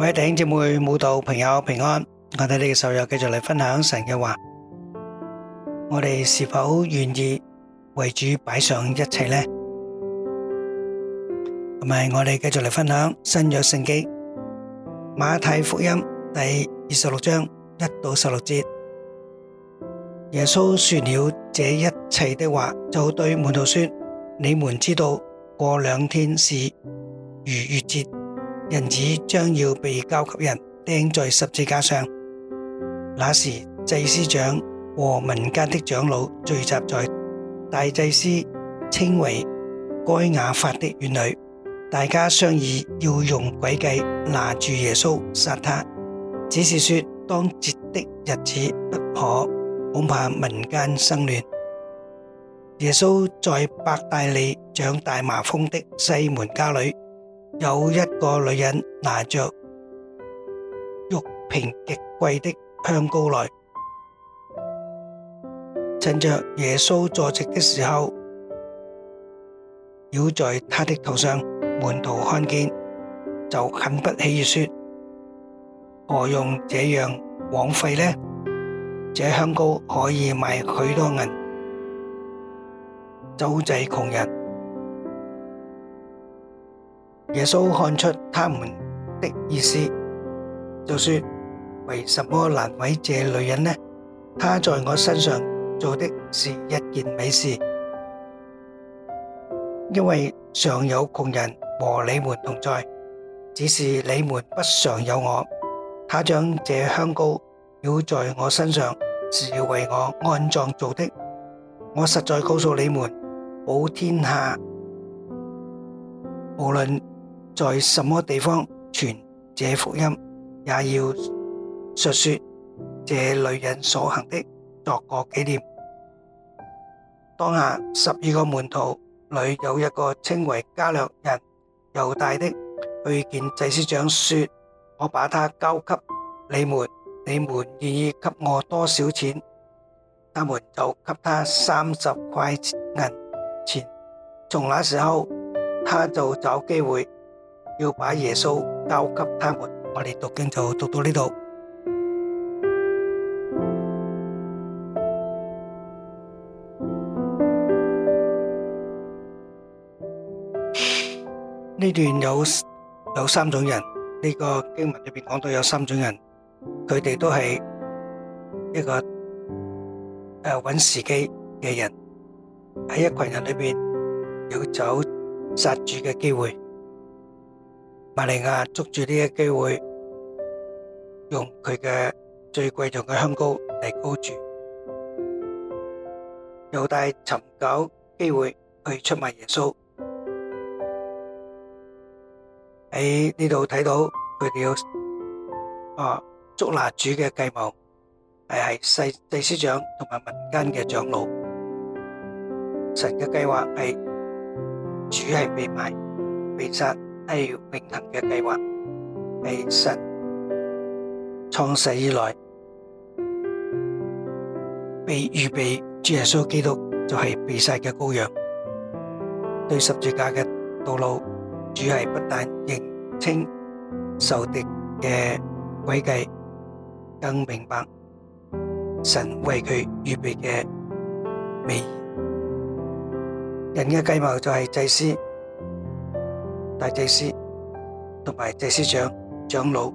各位弟兄姊妹、慕道朋友平安，我哋呢個主日繼續嚟分享神嘅話，我哋是否願意為主擺上一切呢？同埋我哋繼續嚟分享新約聖經馬太福音第二十六章一到十六節，耶穌說了這一切的話，就對門徒說：你們知道過兩天是逾越節。人子將要被交給人釘在十字架上。那時祭司長和民間的長老聚集在大祭司稱為該亞法的院裏，大家商議要用詭計拿住耶穌殺他，只是說當節的日子不可，恐怕民間生亂。耶穌在伯大尼長大麻風的西門家裏。有一個女人拿着玉瓶極貴的香膏來，趁着耶穌坐席的時候，繞在他的頭上。門徒看見，就很不喜悅，說：何用這樣枉費呢？這香膏可以賣許多銀，周濟窮人。耶穌看出他們的意思，就說，為什麼難為這女人呢？他在我身上做的是一件美事。因為常有窮人和你們同在，只是你們不常有我，他將這香膏要在我身上，是要為我安葬做的。我實在告訴你們，保天下，無論。在什麼地方傳這福音，也要述說這女人所行的，作個紀念。當下十二個門徒裏有一個稱為加略人猶大的，去見祭司長，說：我把他交給你們，你們願意給我多少錢？他們就給他三十塊銀錢。從那時候，他就找機會要把耶穌交給他們，我哋讀經就讀到呢度。呢段有有三種人，呢個經文裏邊講到有三種人，佢哋都係一個誒搵時機嘅人，喺一群人裏邊有找殺主嘅機會。馬利亞捉住呢個機會，用佢嘅最貴重嘅香膏嚟膏住，又帶尋找機會去出賣耶穌。喺呢度睇到佢哋要啊捉拿主嘅計謀，係係祭祭司長同埋民間嘅長老。神嘅計劃係主係被賣、被殺。係永恆嘅計劃，被神創世以來被預備，主耶穌基督就係被殺嘅羔羊。對十字架嘅道路，主係不但認清仇敵嘅詭計，更明白神為佢預備嘅美意。人嘅計謀就係祭司。大祭司同埋祭司長長老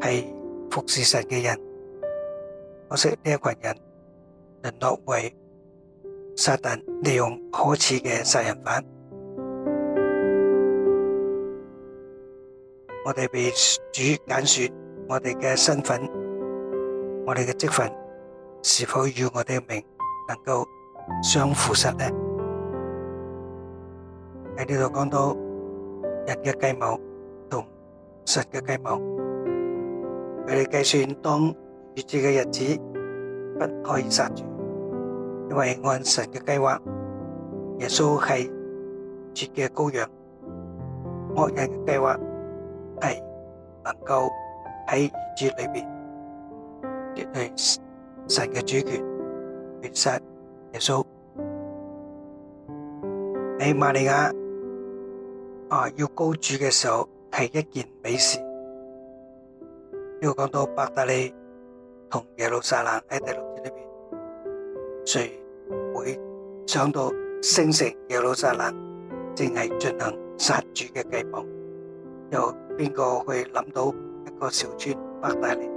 係服侍神嘅人，可惜呢一群人淪落為撒旦利用可恥嘅殺人犯。我哋被主揀選，我哋嘅身份，我哋嘅職份是否與我哋嘅名能夠相符實呢？喺呢度講到。人嘅計謀同神嘅計謀，佢哋計算當逾越節嘅日子不可以殺主，因為係按神嘅計劃，耶穌係逾越節嘅羔羊。惡人嘅計劃係能夠喺逾越節裏邊奪去神嘅主權，滅殺耶穌喺瑪利亞。啊！要高主嘅時候係一件美事。要講到伯大尼同耶路撒冷，喺第六節裏邊，誰會想到聖城耶路撒冷正係進行殺主嘅計謀？又邊個去諗到一個小村伯大尼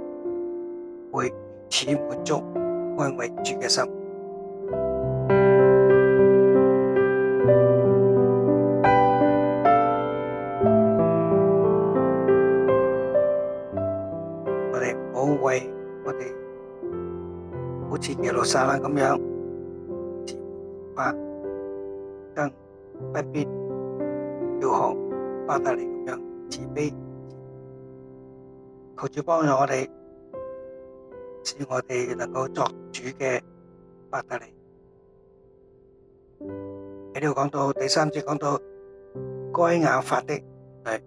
會似滿足安慰主嘅心？撒冷咁樣，更不必要學伯大尼咁樣自卑，求主幫助我哋，使我哋能夠作主嘅伯大尼。喺度講到第三節，講到該亞法的，係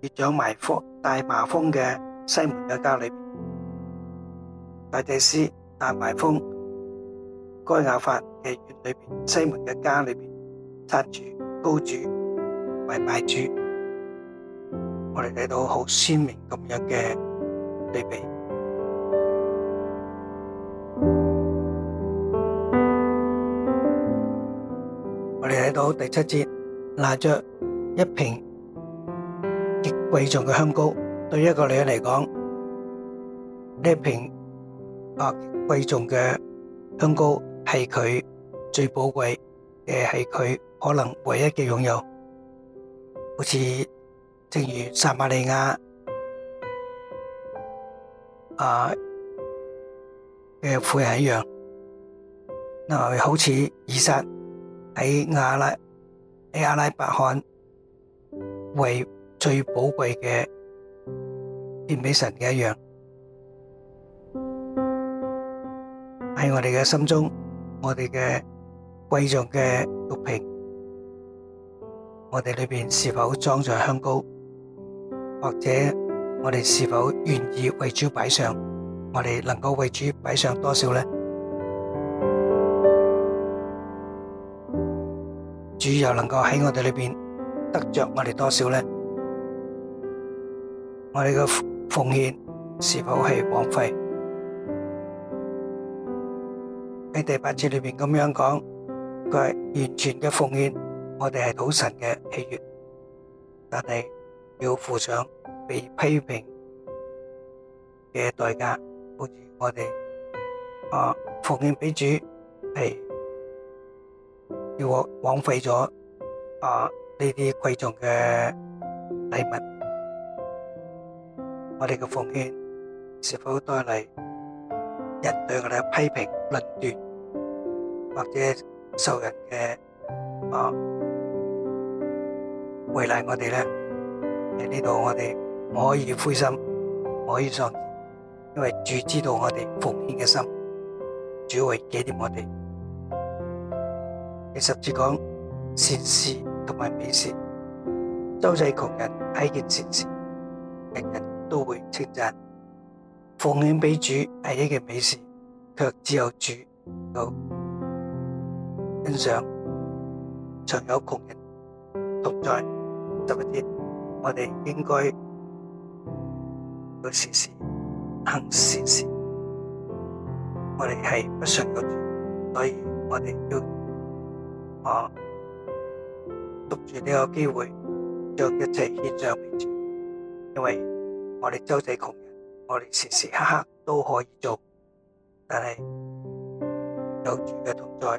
越長埋風大麻風嘅西門嘅家裏，大祭司大麻風。該亞法嘅院裏邊，西門嘅家裏邊，差主、高主為拜主，我哋睇到好鮮明咁樣嘅對比。我哋睇到第七節，拿着一瓶極貴重嘅香膏，對一個女人嚟講，呢瓶啊極貴重嘅香膏。係佢最寶貴嘅，係佢可能唯一嘅擁有，好似正如撒瑪利亞啊嘅婦人一樣，嗱，好似以撒喺亞拉亞伯拉罕為最寶貴嘅獻俾神嘅一樣，喺我哋嘅心中。我哋嘅貴重嘅玉瓶，我哋裏面是否裝着香膏，或者我哋是否願意為主擺上？我哋能夠為主擺上多少呢？主又能夠喺我哋裏面得着我哋多少呢？我哋嘅奉獻是否係枉費？喺第八節裏面，咁樣講，佢係完全嘅奉獻，我哋係討神嘅喜悅，但係要付上被批評嘅代價。好似我哋啊奉獻俾主，係如果我枉費咗啊呢啲貴重嘅禮物，我哋嘅奉獻是否帶嚟人對我哋嘅批評、論斷？或者受人嘅啊，為難我哋呢，喺呢度我哋唔可以灰心，唔可以喪志，因為主知道我哋奉獻嘅心，主會紀念我哋。第十節講善事同埋美事，周濟窮人係一件善事，人人都會稱讚；奉獻俾主係一件美事，卻只有主道。欣賞，常有窮人同在，特別之，我哋應該做善事、行善事。我哋係不常有主，所以我哋要話捉住呢個機會，將一切獻上為主，因為我哋周濟窮人，我哋時時刻刻都可以做，但係有主嘅同在。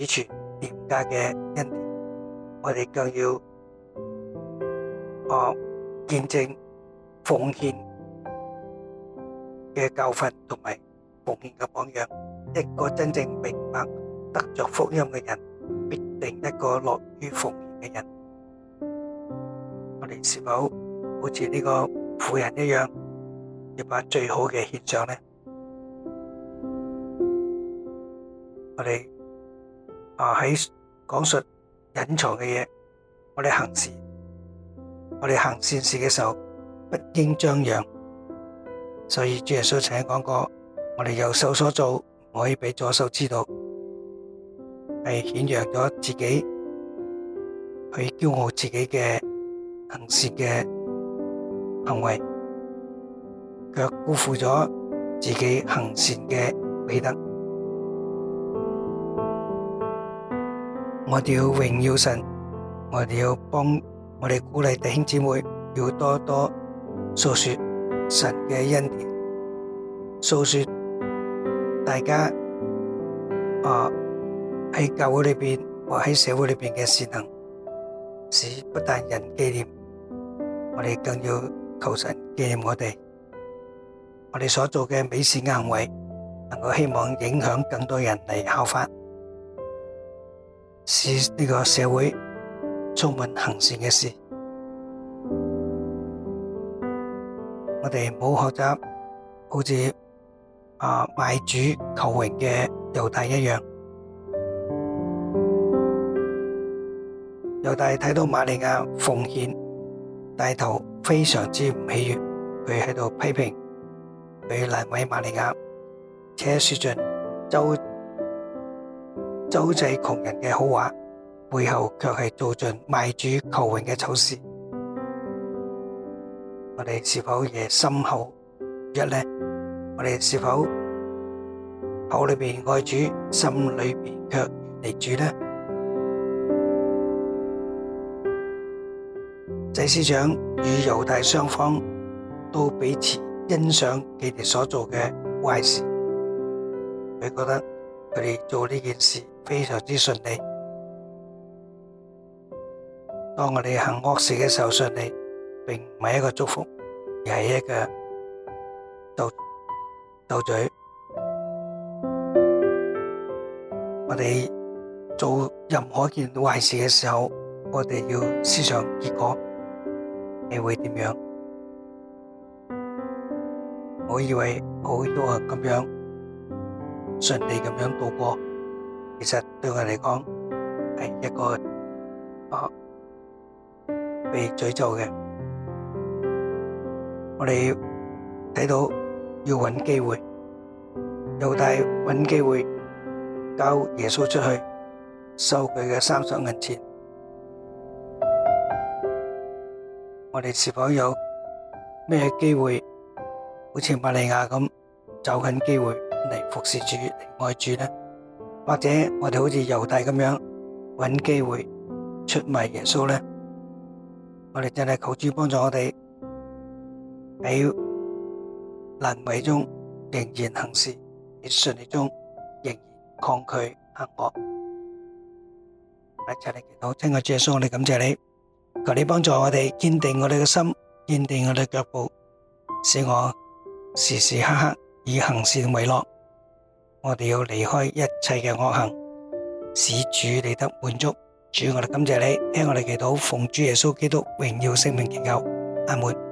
以前廉價嘅恩典，我哋更要啊見證奉獻嘅教訓同埋奉獻嘅榜樣。一個真正明白得着福音嘅人，必定一個樂於奉獻嘅人。我哋是否好似呢個婦人一樣，要把最好嘅獻上呢？我哋。啊喺講述隱藏嘅嘢，我哋行善，我哋行善事嘅時候不應張揚，所以主耶穌曾經講過，我哋右手所做唔可以俾左手知道。係顯揚咗自己去驕傲自己嘅行善嘅行為，卻辜負咗自己行善嘅美德。我哋要榮耀神，我哋要幫，我哋鼓勵弟兄姊妹，要多多訴說神嘅恩典，訴說大家啊喺教會裏面或喺社會裏面嘅善行，使不但人紀念，我哋更要求神紀念我哋，我哋所做嘅美善行為，能夠希望影響更多人嚟效法。是呢個社會充滿行善嘅事，我哋唔好學習好似啊賣主求榮嘅猶大一樣。猶大睇到瑪利亞奉獻，帶頭非常之唔喜悦，佢喺度批評佢，難為瑪利亞，且說盡做。周周濟窮人嘅好話，背後卻係做盡賣主求榮嘅醜事。我哋是否也心口不一呢？我哋是否口裏面愛主，心裏面卻離主呢？祭司長與猶大雙方都彼此欣賞佢哋所做嘅壞事，佢覺得。佢哋做呢件事非常之順利。當我哋行惡事嘅時候，順利，並唔係一個祝福，而係一個鬥鬥嘴。我哋做任何一件壞事嘅時候，我哋要思想結果，你會點樣？我以為我做咁樣。順利咁樣度過，其實對我嚟講係一個啊被詛咒嘅。我哋睇到要搵機會，又帶搵機會交耶穌出去收佢嘅三十銀錢。我哋是否有咩機會？好似瑪利亞咁走緊機會？嚟服侍主，嚟愛主咧，或者我哋好似猶大咁樣，揾機會出賣耶穌呢？我哋真係求主幫助我哋喺難為中仍然行事，喺順利中仍然抗拒邪惡。阿查理祈禱，親愛的耶穌，我哋感謝你，求你幫助我哋堅定我哋嘅心，堅定我哋嘅腳步，使我時時刻刻。以行善為樂，我哋要離開一切嘅惡行，使主你得滿足。主，我哋感謝你，聽我哋祈禱，奉主耶穌基督榮耀聖名祈求，阿門。